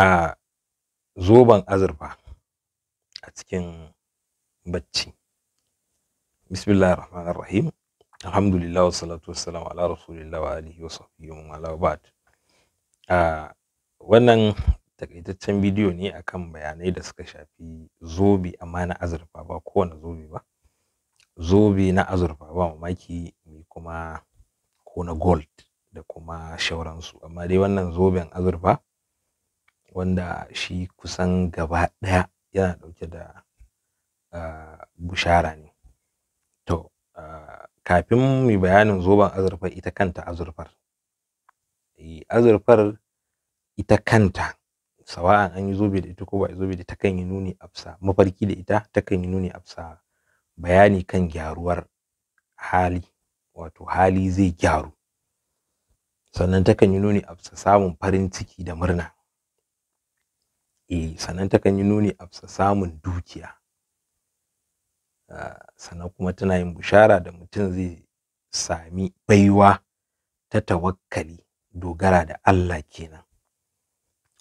a zoben azurfa a cikin bacci ar-Rahman ar rahim alhamdulillah wa salatu salam ala rasulillah wa alihi wa sahbihi wa ala ba'd a wannan takaitaccen bidiyo ne akan bayanai da suka shafi zobe amma na azurfa ba kowane zobe ba zobe na azurfa ba mamaki kuma ko na gold da kuma shauransu amma dai wannan zoben azurfa wanda shi kusan gaba ɗaya yana ɗauke da ah, bushara ne to ah, kafin mu bayanin zoben azurfar ita kanta azurfar eh, azurfar ita kanta sawa'an an yi zobe da ita ko ba zobe da ita, kan yi nuni afsa mafarki da ita ta kan yi nuni afsa bayani kan gyaruwar hali wato hali zai gyaru sannan takan yi nuni afsa samun farin ciki da murna eh sannan takan yi nuni a samun dukiya ah, sannan kuma tana yin bushara da mutum zai sami baiwa ta tawakkali dogara da Allah kenan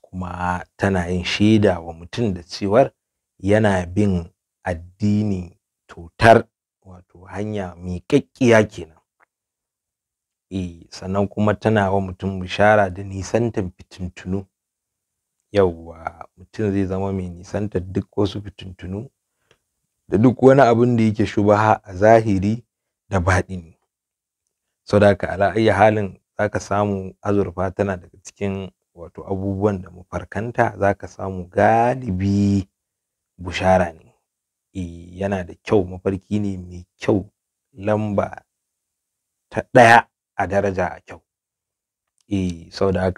kuma tana yin shaida wa mutum da cewar yana bin addini totar wato hanya miƙaƙƙiya kenan eh sannan kuma tana wa mutum bishara da nisantan fitintunu yawwa mutum zai zama mai nisantar duk wasu fitintunu da duk wani abin da yake shubaha a zahiri da baɗini sau da ala ayya halin za ka samu azurfa tana daga cikin wato abubuwan da mafarkanta za ka samu galibi bushara ne e, yana da kyau mafarki ne mai kyau lamba ta ɗaya a daraja a kyau eh sau da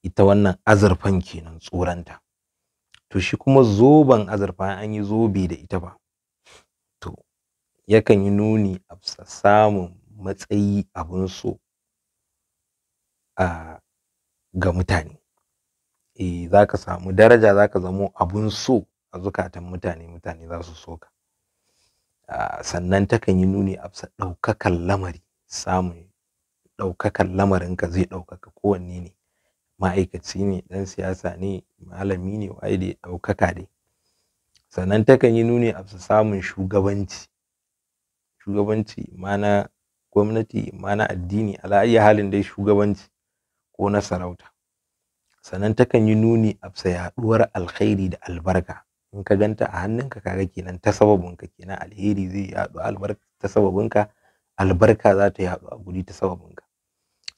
ita wannan azurfan kenan tsoranta to shi kuma zoben azurfa an yi zobe da ita ba to yakan yi nuni a samun matsayi abun so ga mutane eh za ka samu daraja zaka ka zamo abun so a zukatan mutane mutane za su so ka sannan takan yi nuni a ɗaukakan lamari samun ɗaukakan lamarinka zai ɗaukaka kowanne ne ma'aikaci ne ɗan siyasa ne malami ne waye da ɗaukaka dai sannan takan yi nuni a samun shugabanci shugabanci ma na gwamnati ma na addini ala ayi halin dai shugabanci ko na sarauta sannan takan yi nuni a yaɗuwar alkhairi da albarka in ka ganta a hannunka ga kenan ta sababinka kenan alheri zai yaɗu albarka ta sababinka albarka za ta yaɗu a guri ta sababinka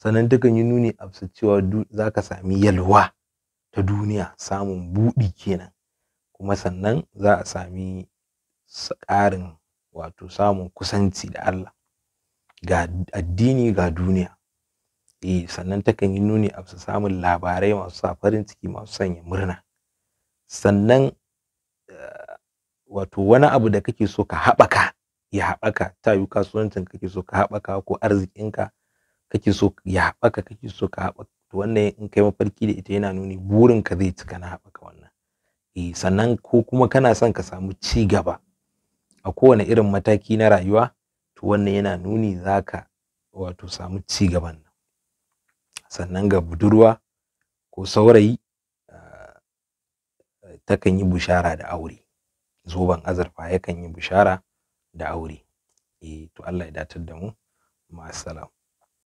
sannan takan yi nuni a cewa za ka sami yalwa ta duniya samun buɗi kenan kuma sannan za a sami ƙarin wato samun kusanci da Allah ga addini ga duniya eh sannan takan yi nuni a samun labarai masu sa farin ciki masu sanya murna sannan eh, wato wani abu da kake so ka haɓaka ya haɓaka ta yi kasuwancin kake so ka haɓaka ko arzikinka kake so ya haɓaka kake so ka haɓaka to wannan in kai mafarki da ita yana nuni burin ka zai cika na haɓaka wannan eh sannan ko kuma kana son ka samu ci gaba a kowane irin mataki na rayuwa to wannan yana nuni zaka wato samu ci gaban nan sannan ga budurwa ko saurayi ah, takan yi bushara da aure zoben azurfa yakan yi bushara da aure eh to Allah ya datar da mu ma